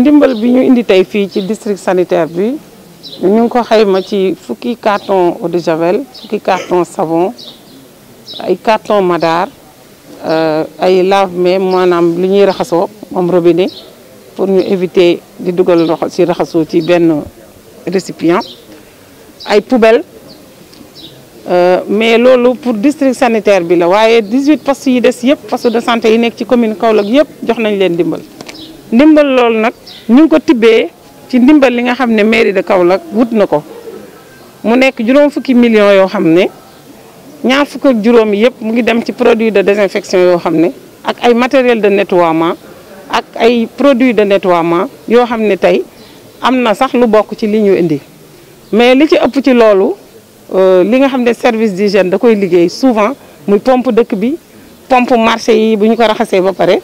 ndimbal bi ñu indi tay fii ci district sanitaire bi ñu ngi ko xayma ci fukki carton eau de javel fukki carton savon ay carton madar euh, ay lave-mains maanaam li ñuy raxasoo moom robinet pour ñu éviter di dugal loxo si raxasoo ci benn récipient ay poubelles euh, mais loolu pour district sanitaire bi la waaye 18 postes yi des yëpp poste de santé yi nekk ci commune Kaolack yëpp jox nañ leen ndimbal ndimbal loolu nag ñu ngi ko tibbee ci ndimbal li nga xam ne mairie de kaw Kaolack wut na ko mu nekk juróom fukki millions yoo xam ne ñaar fukk ak juróom yëpp mu ngi dem ci produit de désinfection yoo xam ne ak ay matériel de nettoiement ak ay produit de nettoiement yoo xam ne tey am na sax lu bokk ci li ñu indi mais li ci ëpp ci loolu euh, li nga xam ne service d'hygiène da koy liggéey souvent muy pompe dëkk bi pomp marché yi bu ñu ko raxasee ba pare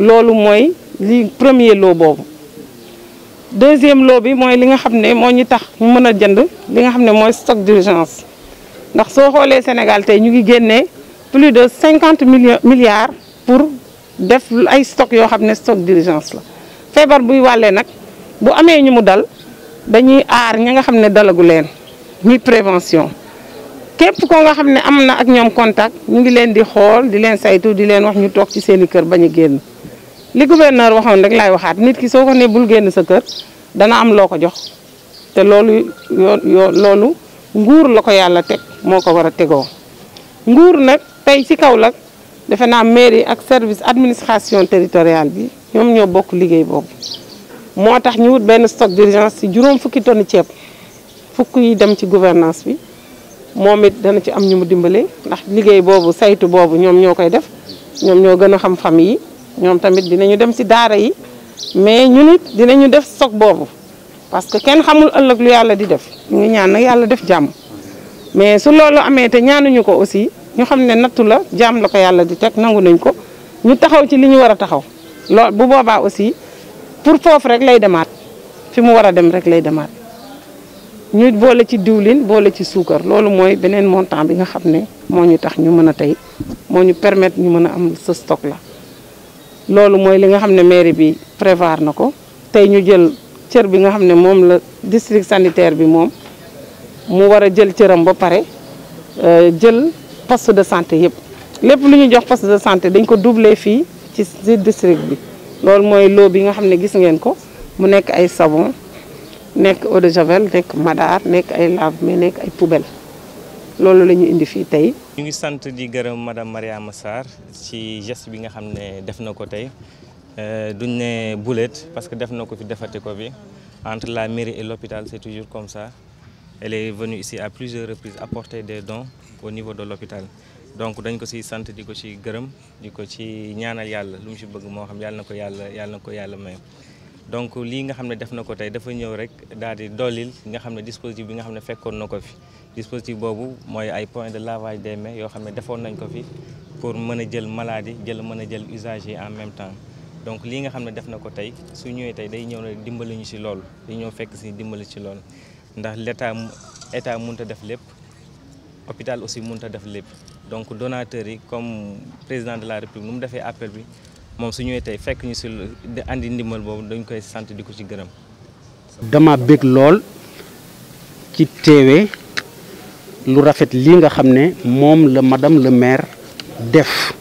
loolu mooy li premier lot boobu deuxième lot bi mooy li nga xam ne moo ñu tax ñu mën a jënd li nga xam ne mooy stock d'urgence ndax soo xoolee Sénégal tey ñu ngi génnee plus de cinquante millions milliards pour def ay stock yoo xam ne stock d'urgence la feebar buy wàllee nag bu amee ñu mu dal dañuy aar ña nga xam ne dalagu leen muy prévention képp koo nga xam ne am na ak ñoom contact ñu ngi leen di xool di leen saytu di leen wax ñu toog ci seeni kër bañ a génn li gouverneur waxoon rek laay waxaat nit ki soo ko nee bul génn sa kër dana am loo ko jox te loolu yoo yoo loolu nguur la ko yàlla teg moo ko war a tegoo nguur nag tey ci lag defe naa mairie ak service administration territoriale bi ñoom ñoo bokk liggéey boobu moo tax ñu wut benn stock d'urgence ci juróom fukki tonn ceeb fukk yi dem ci gouvernance bi moom it dana ci am ñu mu dimbale ndax liggéey boobu saytu boobu ñoom ñoo koy def ñoom ñoo gën a xam yi ñom tamit dinañu dem ci daara yi mais ñun it dinañu def sok bobu parce que kenn xamul ëlëk lu yalla di def ñu ñaan na yalla def jamm mais su lolu amé té ñaanuñu ko aussi ñu xamné natu la jamm la ko yalla di tek nangu nañ ko ñu taxaw ci li ñu wara taxaw lool bu boba aussi pour fof rek lay demaat fi mu wara dem rek lay demaat ñu bolé ci diwlin bolé ci sucre lolu moy benen montant bi nga xamné moñu tax ñu mëna tay moñu permettre ñu mëna am ce stock la loolu mooy li nga xam ne mairie bi prévoir na ko tey ñu jël cër bi nga xam ne moom la district sanitaire bi moom mu war a jël cëram ba pare euh, jël poste de santé yëpp lépp lu ñu jox poste de santé dañ ko doubler fii ci ci district bi loolu mooy loo bi nga xam ne gis ngeen ko mu nekk ay sabon nekk eau de javel nekk madar nekk ay lave-mains nekk ay poubelle loolu la ñu indi fii tey. ñu ngi sant di gërëm madame Maria Sarr ci geste bi nga xam ne def na ko tey euh, duñ ne boulette parce que def na ko fi defati ko bi entre la mairie et l'hôpital c'est toujours comme ça elle est venue ici à plusieurs reprises apporter des dons au niveau de l'hôpital donc dañ ko ci sant di ko ci gërëm di ko ci ñaanal yàlla lu mu ci bëgg moo xam yàlla na ko yàlla yàlla na ko yàlla may donc li nga xamné ne def na ko dafa ñëw rek daal di dollil nga xamné dispositif bi nga xamné fekkon nako fi dispositif bobu moy ay point de lavage des mains yo xamné defon nañ ko fi pour mëna jël maladie jël mëna jël usager en même temps donc li nga xamné ne def na ko su ñëwee tay day ñëw na dimbali ñu ci lool day ñëw fekk ci dimbali ci lool ndax l'état état mënut a def lépp hôpital aussi mënut a def lépp donc donateur yi comme président de la république nu défé appel bi moom su ñëwee tey fekk ñu si di andi ndimbal boobu dañ koy sant di ko ci gërëm. dama bëgg lool ci teewee lu rafet lii nga xam ne moom la madame la maire def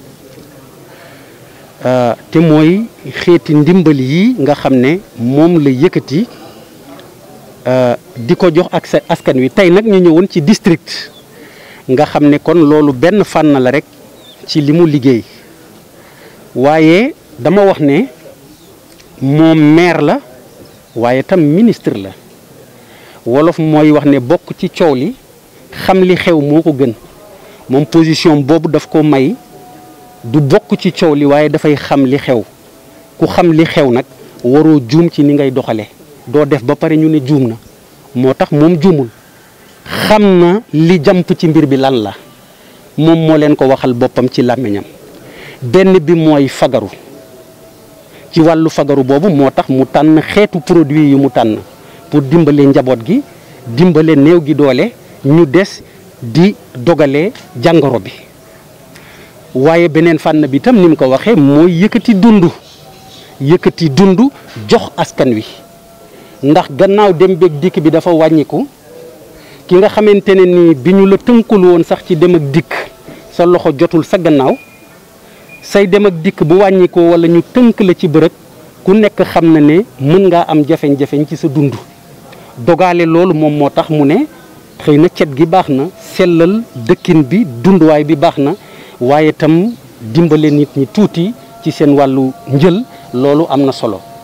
euh, te mooy xeeti ndimbal yi nga xam ne moom la yëkkati euh, di ko jox ak sa askan wi tey nag ñu ñëwoon ci district nga xam ne kon loolu benn fànn la rek ci li mu liggéey. waaye dama wax ne moom maire la waaye tam ministre la wolof mooy wax ne bokk ci coow li xam li xew moo ko gën moom position boobu daf ko may du bokk ci coow li waaye dafay xam li xew ku xam li xew nag waroo juum ci ni ngay doxale doo def ba pare ñu ne juum na moo tax moom juumul xam na li jàmp ci mbir bi lan la moom moo leen ko waxal boppam ci làmmiñam benn bi mooy fagaru ci wàllu fagaru boobu moo tax mu tànn xeetu produit yi mu tànn pour dimbale njaboot gi dimbale néew gi doole ñu des di dogale jàngoro bi waaye beneen fànn bi tam ni mu ko waxee mooy yëkkati dund yëkkati dund jox askan wi ndax gannaaw dem beeg dikk bi dafa wàññiku ki nga xamante ne ni bi ñu la tënkul woon sax ci dem ak dikk sa loxo jotul sa gannaaw say dem ak dikk bu wàññikoo wala ñu tënk la ci bërëb ku nekk xam na ne mën ngaa am jafeñ-jafeñ ci sa dund dogale loolu moom moo tax mu ne xëy na cet gi baax na sellal dëkkin bi dunduwaay bi baax na waaye tam dimbale nit ñi tuuti ci seen wàllu njël loolu am na solo